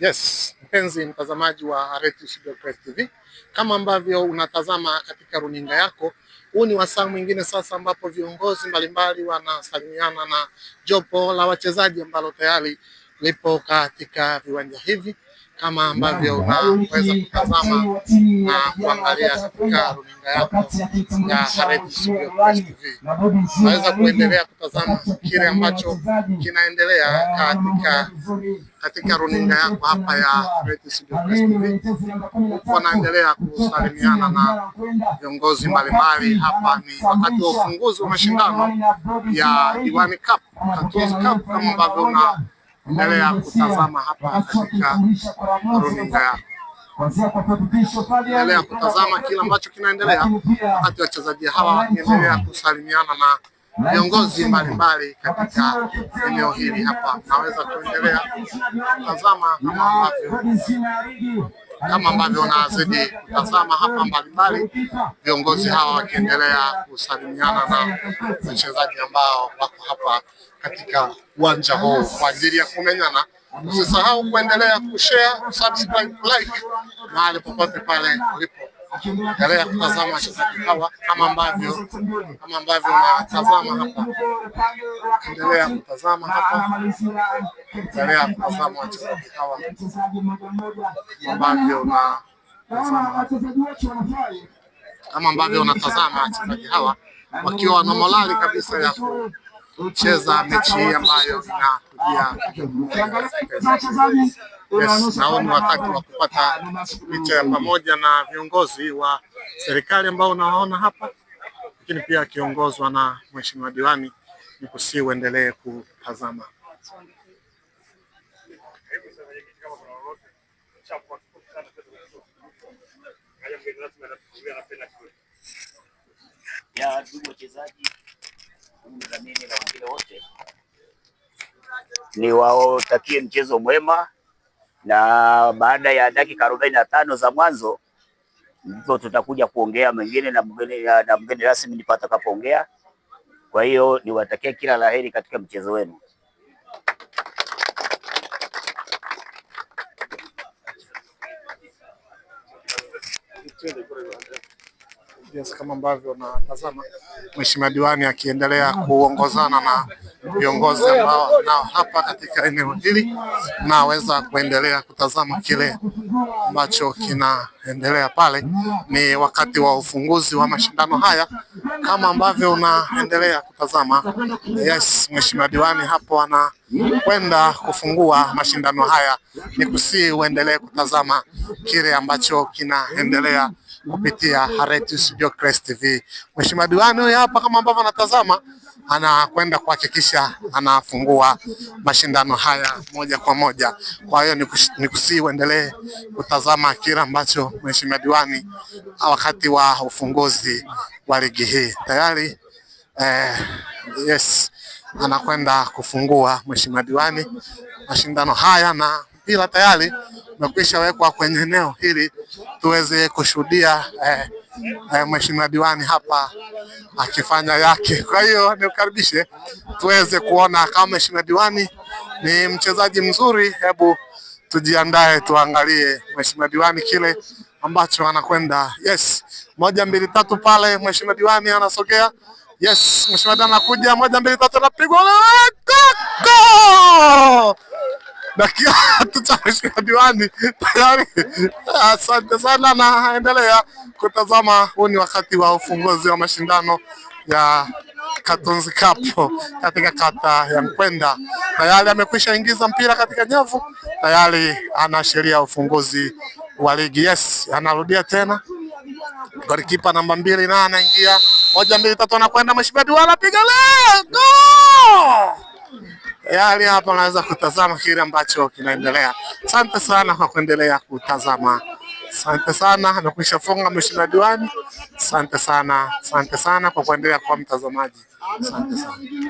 Yes, mpenzi mtazamaji wa Arete Shida Press TV, kama ambavyo unatazama katika runinga yako, huu ni wasaa mwingine sasa ambapo viongozi mbalimbali wanasalimiana na jopo la wachezaji ambalo tayari lipo katika viwanja hivi kama ambavyo unaweza kutazama na kuangalia katika runinga yako ya Haredi Studio Press TV. Unaweza kuendelea kutazama kile ambacho kinaendelea katika katika runinga yako hapa ya Haredi Studio Press TV. Wanaendelea kusalimiana na viongozi mbalimbali hapa. Ni wakati wa ufunguzi wa mashindano ya Diwani Cup, Katuzi Cup kama ambavyo una endelea kutazama hapa katika runinga yako, endelea kutazama kile ambacho kinaendelea, wakati wachezaji hawa wakiendelea kusalimiana na viongozi mbalimbali katika eneo hili hapa. Naweza kuendelea kutazama kama ambavyo kama ambavyo unazidi kutazama hapa mbalimbali, viongozi hawa wakiendelea kusalimiana na wachezaji ambao wako hapa katika uwanja huu kwa ajili ya kumenyana. Usisahau kuendelea kushare, subscribe, like mahali popote pale ulipo endelea kutazama wachezaji hawa kama ambavyo kama ambavyo unatazama hapa, endelea kutazama hapa, endelea kutazama wachezaji hawa kama ambavyo kama ambavyo unatazama wachezaji hawa wakiwa na morali kabisa ya kucheza mechi hii ambayo ina Yes, nao ni wakati wa kupata picha ya pamoja na viongozi wa serikali ambao unawaona hapa, lakini pia akiongozwa na mheshimiwa diwani. Ni kusi uendelee kutazama ya ndugu wachezaji, na wengine wote niwatakie mchezo mwema, na baada ya dakika arobaini na tano za mwanzo ndipo tutakuja kuongea mengine na mgeni na mgeni rasmi ndipo atakapoongea. Kwa hiyo niwatakie kila laheri katika mchezo wenu. Yes, kama ambavyo natazama Mheshimiwa Diwani akiendelea kuongozana na viongozi ambao nao hapa katika eneo hili naweza kuendelea kutazama kile ambacho kinaendelea pale. Ni wakati wa ufunguzi wa mashindano haya kama ambavyo unaendelea kutazama. Yes, Mheshimiwa Diwani hapo ana kwenda kufungua mashindano haya, ni kusii uendelee kutazama kile ambacho kinaendelea kupitia Hareti Studio Crest TV. Mheshimiwa diwani huyu hapa kama ambavyo anatazama, anakwenda kuhakikisha anafungua mashindano haya moja kwa moja. Kwa hiyo ni kusii uendelee kutazama kile ambacho Mheshimiwa diwani wakati wa ufunguzi wa ligi hii tayari. Eh, yes anakwenda kufungua mheshimiwa diwani mashindano haya, na mpira tayari umekwisha wekwa kwenye eneo hili tuweze kushuhudia eh, eh, mheshimiwa diwani hapa akifanya yake. Kwa hiyo niukaribishe tuweze kuona kama mheshimiwa diwani ni mchezaji mzuri. Hebu tujiandae tuangalie mheshimiwa diwani kile ambacho anakwenda. Yes, moja mbili tatu, pale mheshimiwa diwani anasogea Yes, mheshimiwa Dan anakuja moja mbili tatu anapigwa na koko. Dakika tatu mheshimiwa diwani tayari. Asante sana na endelea kutazama, huu ni wakati wa ufunguzi wa mashindano ya Katunzi Cup katika kata ya Nkwenda. Tayari amekwisha ingiza mpira katika nyavu, tayari anaashiria ufunguzi wa ligi. Yes, anarudia tena Golikipa namba mbili na anaingia moja mbili tatu, anakwenda mshibabi wala piga leo. Yaani hapa unaweza kutazama kile ambacho kinaendelea. Asante sana kwa kuendelea kutazama. Asante sana, amekwisha funga mheshimiwa diwani. Asante sana, asante sana kwa kuendelea kuwa mtazamaji. Asante sana.